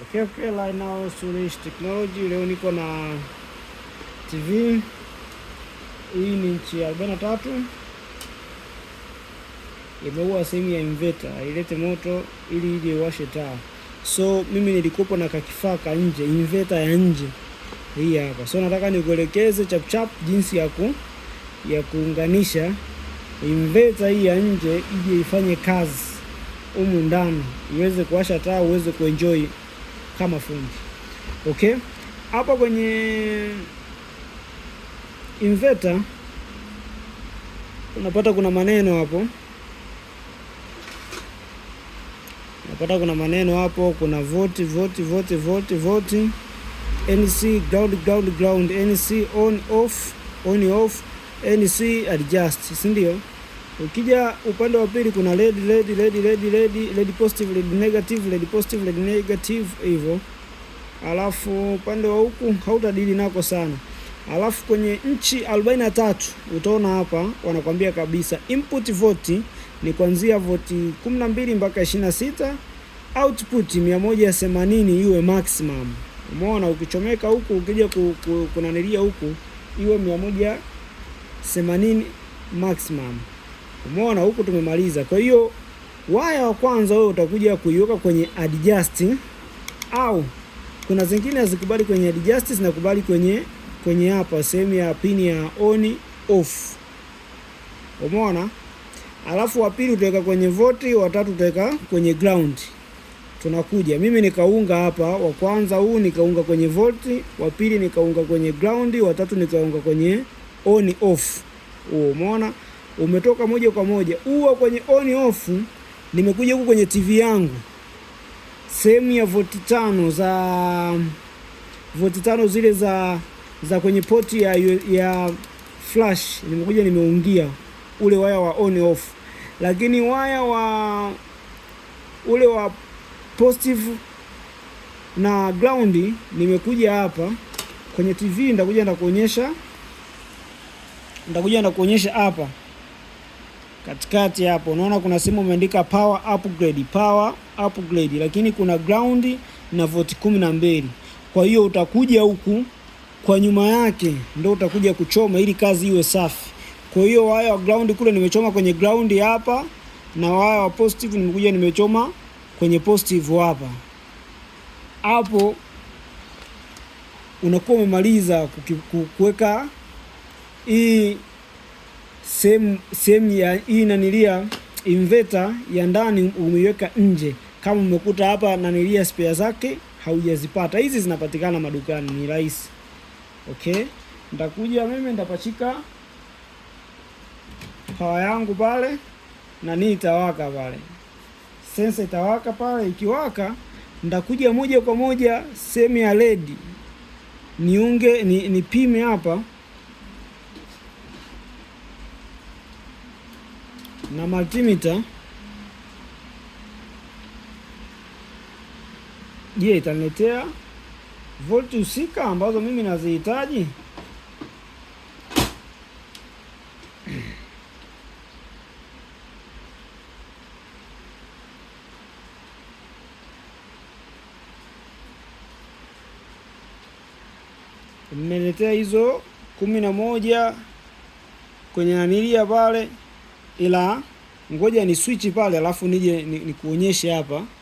Okay, okay, right now Suresh Technology. Leo niko na TV hii ni inchi arobaini tatu imeua sehemu ya inverter, ilete moto ili ije washe taa. So mimi nilikopo na kakifaa ka nje, inverter ya nje hii hapa. So nataka nikuelekeze chap chap jinsi ya ku ya kuunganisha inverter hii ya nje ije ifanye kazi humu ndani, iweze kuwasha taa, uweze kuenjoy kama fundi. Okay, hapa kwenye inverter unapata kuna maneno hapo, unapata kuna maneno hapo, kuna voti voti voti voti voti NC ground ground ground NC on off on off NC adjust, si ndio? Ukija upande wa pili kuna red red red red red red positive red negative red positive red negative hivyo. Alafu upande wa huku hautadili nako sana. Alafu kwenye nchi 43 utaona hapa wanakwambia kabisa input voti ni kuanzia voti 12 mpaka 26, output 180 iwe maximum. Umeona, ukichomeka huku ukija kunanilia huku iwe 180 maximum. Umeona huku tumemaliza. Kwa hiyo waya wa kwanza wewe utakuja kuiweka kwenye adjusting, au kuna zingine hazikubali kwenye adjust, zinakubali kwenye kwenye hapa sehemu ya pini ya on off. Umeona? Alafu wa pili utaweka kwenye voti, wa tatu utaweka kwenye ground. Tunakuja mimi nikaunga hapa, wa kwanza huu nikaunga kwenye volti, wa pili nikaunga kwenye ground, wa tatu nikaunga kwenye on off. Umeona? umetoka moja kwa moja uwa kwenye on off. Nimekuja huku kwenye TV yangu sehemu ya voti tano za voti tano zile za za kwenye poti ya, ya flash nimekuja nimeungia ule waya wa on off, lakini waya wa ule wa positive na ground nimekuja hapa kwenye TV, ndakuja ndakuonyesha, ndakuja ndakuonyesha hapa katikati hapo unaona kuna sehemu umeandika power upgrade, power upgrade, lakini kuna ground na volt kumi na mbili. Kwa hiyo utakuja huku kwa nyuma yake ndio utakuja kuchoma ili kazi iwe safi. Kwa hiyo waya wa ground kule nimechoma kwenye ground hapa, na waya wa positive nimekuja nimechoma kwenye positive hapa. Hapo unakuwa umemaliza kuweka hii sehemu ya hii nanilia inverter ya ndani umeiweka nje, kama umekuta hapa nanilia spare zake haujazipata, hizi zinapatikana madukani, ni rahisi. Okay, ndakuja mimi ndapachika pawa yangu pale, nani itawaka pale, sensa itawaka pale. Ikiwaka ndakuja moja kwa moja sehemu ya ledi niunge ni, nipime hapa na multimeter je, italetea volti husika ambazo mimi nazihitaji? Mmeletea hizo kumi na moja kwenye anilia pale ila ngoja ni switch pale, alafu nije nikuonyeshe hapa